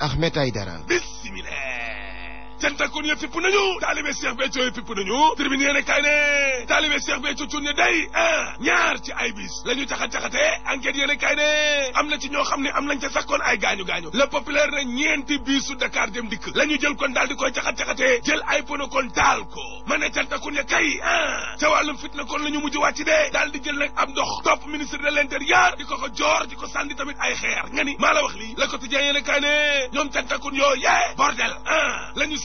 Ahmet Aydara. dara cantakoon ya fipp nañu taalibe Cheikh Béthio ya fipp nañu tribune yéene kaay ne taalibe Cheikh Béthio day ñaar ci ay bis la ñu caxat-caxatee enquête yéene am na ci ñoo xam ne am nañ ca sax kon ay gaañu-gaañu le populaire ne ñeenti biisu Dakar dem dikk la ñu jël kon daal di koy caxat-caxatee jël ay pono kon taal ko ma ne cantakoon ya kay ah ca wàllum fitna kon la ñu mujj wàcc dee daal di jël nag am ndox topp ministre de l'intérieur di ko ko joor di ko sànni tamit ay xeer nga ni maa la wax lii la quotidien yéene kaay ne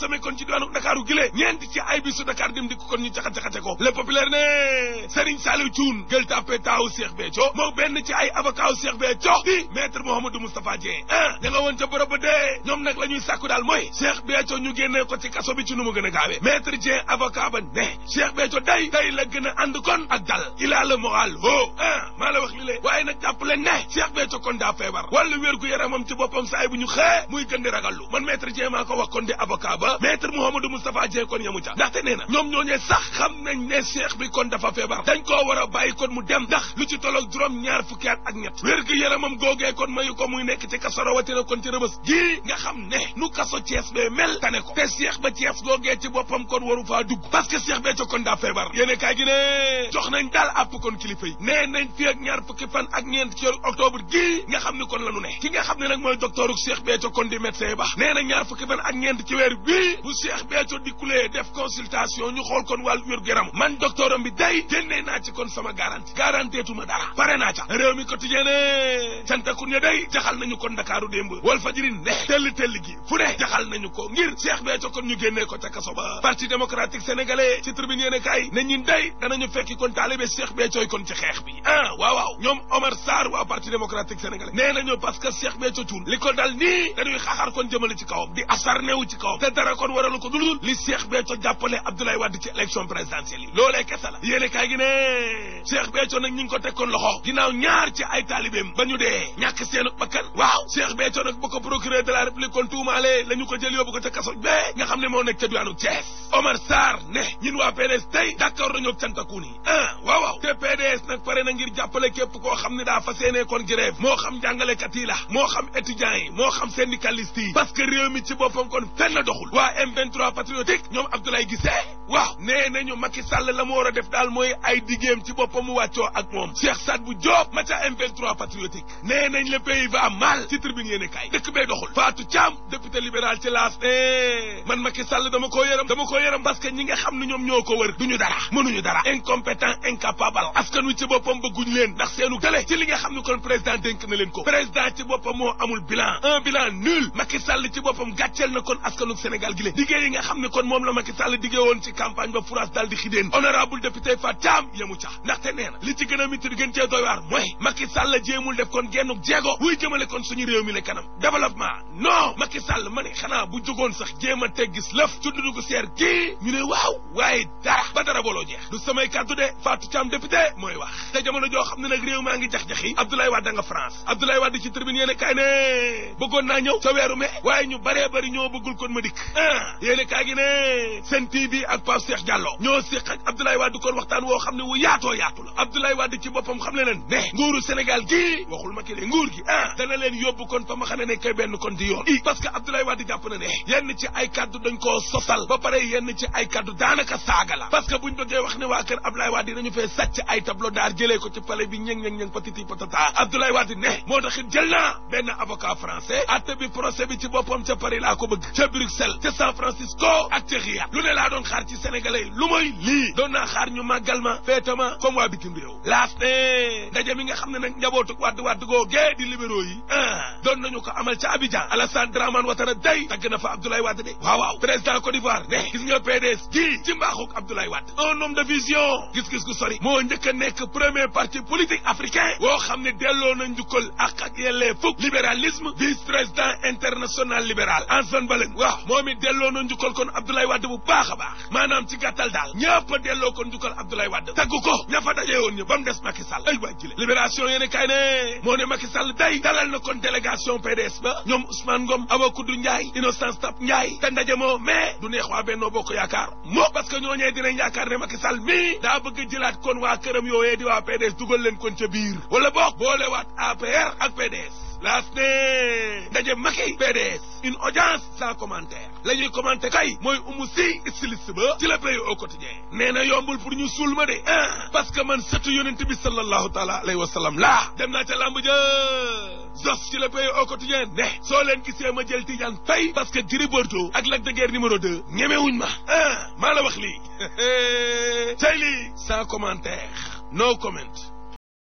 consommé kon ci diwaanu Dakar gile ñeenti ci ay bisu Dakar dem dikk kon ñu jaxat-jaxate ko le populaire ne Serigne Saliou Thioune gël tàppe taaw Cheikh Béthio moo benn ci ay avocat u Cheikh Béthio di maître Mouhamadou Moustapha Dieng ah ña ca bërëb dee ñoom nag la sàkku daal mooy Cheikh Béthio ñu génnee ko ci kaso bi ci nu mu gën a gaawee maître Dieng avocat ba ne Cheikh Béthio day day la gën a ànd kon ak dal il a le moral ho a ah maa la wax li lée waaye nag jàpp leen ne Cheikh Béthio kon daa feebar wàllu wér ca maître Mouhamadou Moustapha Dieng kon yamu ca ndaxte nee na ñoom ñooñee sax xam nañ ne cheikh bi kon dafa feebar dañ koo war a bàyyi kon mu dem ndax lu ci tolloog juróom ñaar fukki at ak ñett wér gi yaramam googee kon mayu ko muy nekk ci kaso rawatina kon ci rëbës gii nga xam ne nu kaso Thiès bee mel tane ko te cheikh ba Thiès googee ci boppam kon waru faa dugg parce que cheikh bee kon daa feebar yéene kaay gi ne jox nañ daal àpp kon kilifa ne nee nañ fi ñaar fukki fan ak ñeent ci octobre gii ni kon la nu ne ki xam ne nag mooy docteur cheikh bee ca kon nee na fukki fan ak ñeent ci weer wi day bu Cheikh Béthio dikkulee def consultation ñu xool kon wàllu wér géram man docteuram bi day génnee naa ci kon sama garanti garanteetuma dara pare naa ca réew mi quotidien ne cantakun ya day jaxal nañu kon Ndakaaru démb wal fajiri ne telli telli gi fu ne jaxal nañu ko ngir Cheikh Béthio kon ñu génnee ko ca kaso parti démocratique sénégalais ci tribune yéene kay ne ñun day danañu fekki kon taalibe Cheikh Béthio kon ci xeex bi ah waaw waaw ñoom Omar Sarr kon waralu ko dul li Cheikh Béthio jàppale Abdoulaye Wade ci élection présidentielle yi loolee kese la yéene kaay gi ne Cheikh Béthio nag ñu ngi ko tegkoon loxo ginnaaw ñaar ci ay taalibeem ba ñu dee ñàkk seenu bakkan waaw Cheikh Béthio nag ba ko procureur de la République kon tuumaale la ñu ko jël yóbbu ko ca kaso bee nga xam ne moo nekk ca diwaanu Thiès Omar Sarr ne ñun waa PDS tey d'accord nañoo cantakuun yi ah waaw te PDS nag pare na ngir jàppale képp koo xam ne daa fas yéene kon grève moo xam jàngalekat yi moo xam étudiants yi moo xam syndicaliste yi parce que réew mi ci boppam kon fenn doxul waa M23 patriotique ñoom Abdoulaye Guissé waaw nee nañu Macky Sall la mu war a def daal mooy ay diggéem ci boppam mu wàccoo ak moom Cheikh Sadbou Diop ma ca M23 patriotique nee nañ le pays va mal ci tribune yéene kaay dëkk bee doxul Fatou Thiam député libéral ci laas ne man Macky Sall dama ko yërëm dama koo yërëm parce que ñi nga xam ne ñoom ñoo ko wër duñu dara mënuñu dara incompétent incapable askan wi ci boppam bëgguñu leen ndax seenu dale ci li nga xam ne kon président dénk na leen ko président ci boppam moo amul bilan un Sall ci boppam gàcceel na kon askanu Sénégal gi leen diggée yi nga xam ne kon moom la Macky Sall diggée woon ci campagne ba France daal di xidéen honorable député Fat Thiam yemu ca ndaxte nee na li ci gën a mitir gën cee doy waar mooy Macky Sall jéemul def kon gennuk jeego wuy jëmale kon suñu réew mi la kanam non Macky Sall ma ne xanaa bu jógoon sax jéem a teggis lëf ci dundu seer gii ñu ne waaw waaye dara ba dara booloo jeex du samay kàddu de Fatou Thiam député mooy wax te jamono joo xam ne nag réew maa ngi jax-jaxi Abdoulaye Wade nga France Abdoulaye Wade ci tribune yéen kaay ne bëggoon naa ñëw ca weeru ma dikk ah, Pape Cheikh Diallo ñoo séq ak Abdoulaye Wade xam ne wu yaatoo yaatu la Abdoulaye Wade ci boppam xam le leen ne nguuru Sénégal gii waxul ma ki de nguur gi ah dana leen yóbbu kon fa ma xam ne benn kon di yoon i parce que jàpp na ne yenn ci ay kaddu dañ koo sosal ba pare yenn ci ay kaddu daanaka saaga la parce buñ bëggee wax ne waa kër Abdoulaye Wade dañu fee sàcc ay tableau d'art jëlee ko ci palais bi ñëng ñëng ñëng patiti patata Abdoulaye Wade moo tax jël naa benn avocat ci lu mooy lii doon naa xaar ñu màggal ma feetama comme waa bitim réew laas ne ndaje mi nga xam ne nag njabootu wàdd wàdd googee di libéraux yi ah doon nañu ko amal ca Abidjan Alassane Dramane Ouattara day tagg na fa Abdoulaye Wade de waaw waaw président Côte d'Ivoire ne gis nga PDS ji ci mbaaxuk Abdoulaye Wade un homme de vision gis-gis gu sori moo njëkk a nekk premier parti politique africain woo xam ne delloo na njukkal ak ak yellee fukk libéralisme vice président international libéral Antoine Balen bu baax a baax maanaam ci gàttal daal ñëpp a delloo ko njukkal Abdoulaye Wade tagg ko ña fa dajee woon ñu ba mu des Macky Sall ay jile libération yéen kay ne moo ne Macky day dalal na kon délégation PDS ba ñoom Ousmane Ngom Awa Koudou Ndiaye Innocence Ntap Ndiaye te ndaje moo mais du neex waa Benno Bokk Yaakaar moo parce que ñooñee dinañ yaakaar ne Macky Sall daa bëgg jëlaat kon waa këram yooyee di waa PDS dugal leen kon ca biir wala boog boolewaat APR ak PDS laas ne ndaje Macky PDS une audience sans commentaire la ñuy commenté kay mooy umu si styliste ba ci la pays au quotidien nee na yombul pour ñu suul ma de ah parce que man sëtu yonent bi sallallahu taala alayhi wa sallam laa dem naa ca làmb ja Zos ci le pays au quotidien ne soo leen gisee ma jël Tidiane Faye parce que Gris Bordeaux ak Lac de Guiers numéro deux ñemewuñ ma ah maa la wax lii tey lii sans commentaire no comment